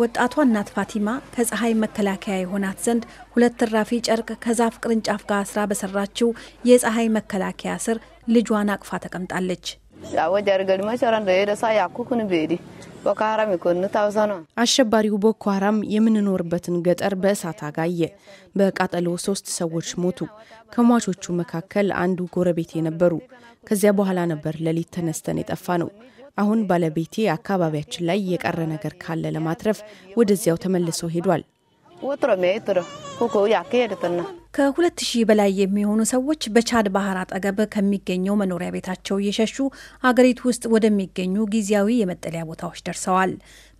ወጣቷ እናት ፋቲማ ከፀሐይ መከላከያ የሆናት ዘንድ ሁለት እራፊ ጨርቅ ከዛፍ ቅርንጫፍ ጋር አስራ በሰራችው የፀሐይ መከላከያ ስር ልጇን አቅፋ ተቀምጣለች። አሸባሪው ቦኮ ሀራም የምንኖርበትን ገጠር በእሳት አጋየ። በቃጠሎ ሶስት ሰዎች ሞቱ። ከሟቾቹ መካከል አንዱ ጎረቤቴ ነበሩ። ከዚያ በኋላ ነበር ሌሊት ተነስተን የጠፋ ነው። አሁን ባለቤቴ አካባቢያችን ላይ የቀረ ነገር ካለ ለማትረፍ ወደዚያው ተመልሶ ሄዷል። ኩኩ ያከሄድትና ከ2000 በላይ የሚሆኑ ሰዎች በቻድ ባህር አጠገብ ከሚገኘው መኖሪያ ቤታቸው እየሸሹ አገሪቱ ውስጥ ወደሚገኙ ጊዜያዊ የመጠለያ ቦታዎች ደርሰዋል።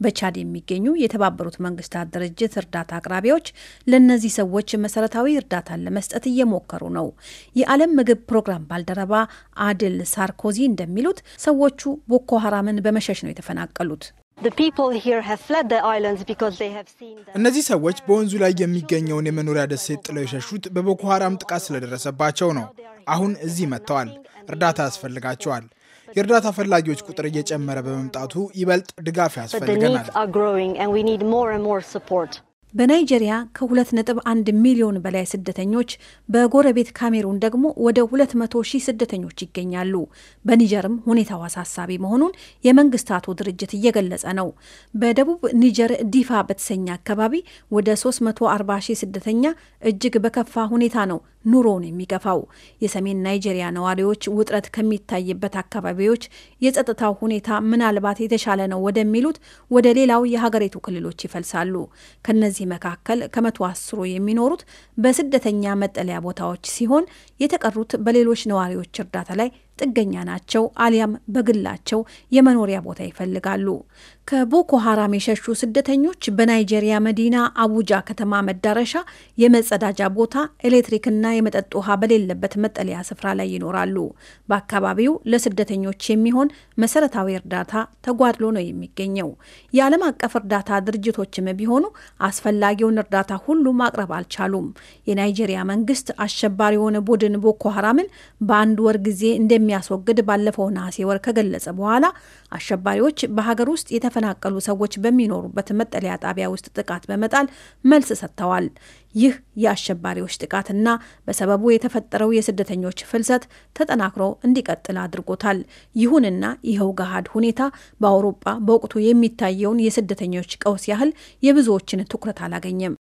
በቻድ የሚገኙ የተባበሩት መንግስታት ድርጅት እርዳታ አቅራቢዎች ለእነዚህ ሰዎች መሰረታዊ እርዳታን ለመስጠት እየሞከሩ ነው። የዓለም ምግብ ፕሮግራም ባልደረባ አድል ሳርኮዚ እንደሚሉት ሰዎቹ ቦኮ ሀራምን በመሸሽ ነው የተፈናቀሉት። እነዚህ ሰዎች በወንዙ ላይ የሚገኘውን የመኖሪያ ደሴት ጥለው የሸሹት በቦኮ ሐራም ጥቃት ስለደረሰባቸው ነው። አሁን እዚህ መጥተዋል። እርዳታ ያስፈልጋቸዋል። የእርዳታ ፈላጊዎች ቁጥር እየጨመረ በመምጣቱ ይበልጥ ድጋፍ ያስፈልገናል። በናይጄሪያ ከ2.1 ሚሊዮን በላይ ስደተኞች፣ በጎረቤት ካሜሩን ደግሞ ወደ 200 ሺህ ስደተኞች ይገኛሉ። በኒጀርም ሁኔታው አሳሳቢ መሆኑን የመንግስታቱ ድርጅት እየገለጸ ነው። በደቡብ ኒጀር ዲፋ በተሰኘ አካባቢ ወደ 340 ሺህ ስደተኛ እጅግ በከፋ ሁኔታ ነው ኑሮውን የሚገፋው። የሰሜን ናይጄሪያ ነዋሪዎች ውጥረት ከሚታይበት አካባቢዎች የጸጥታው ሁኔታ ምናልባት የተሻለ ነው ወደሚሉት ወደ ሌላው የሀገሪቱ ክልሎች ይፈልሳሉ። ከነዚህ መካከል ከመቶ አስሩ የሚኖሩት በስደተኛ መጠለያ ቦታዎች ሲሆን የተቀሩት በሌሎች ነዋሪዎች እርዳታ ላይ ጥገኛ ናቸው አሊያም በግላቸው የመኖሪያ ቦታ ይፈልጋሉ። ከቦኮ ሀራም የሸሹ ስደተኞች በናይጄሪያ መዲና አቡጃ ከተማ መዳረሻ የመጸዳጃ ቦታ፣ ኤሌክትሪክና የመጠጥ ውሃ በሌለበት መጠለያ ስፍራ ላይ ይኖራሉ። በአካባቢው ለስደተኞች የሚሆን መሰረታዊ እርዳታ ተጓድሎ ነው የሚገኘው። የዓለም አቀፍ እርዳታ ድርጅቶችም ቢሆኑ አስፈላጊውን እርዳታ ሁሉ ማቅረብ አልቻሉም። የናይጄሪያ መንግስት አሸባሪ የሆነ ቡድን ቦኮ ሀራምን በአንድ ወር ጊዜ እንደሚ እንደሚያስወግድ ባለፈው ነሐሴ ወር ከገለጸ በኋላ አሸባሪዎች በሀገር ውስጥ የተፈናቀሉ ሰዎች በሚኖሩበት መጠለያ ጣቢያ ውስጥ ጥቃት በመጣል መልስ ሰጥተዋል። ይህ የአሸባሪዎች ጥቃትና በሰበቡ የተፈጠረው የስደተኞች ፍልሰት ተጠናክሮ እንዲቀጥል አድርጎታል። ይሁንና ይኸው ገሃድ ሁኔታ በአውሮጳ በወቅቱ የሚታየውን የስደተኞች ቀውስ ያህል የብዙዎችን ትኩረት አላገኘም።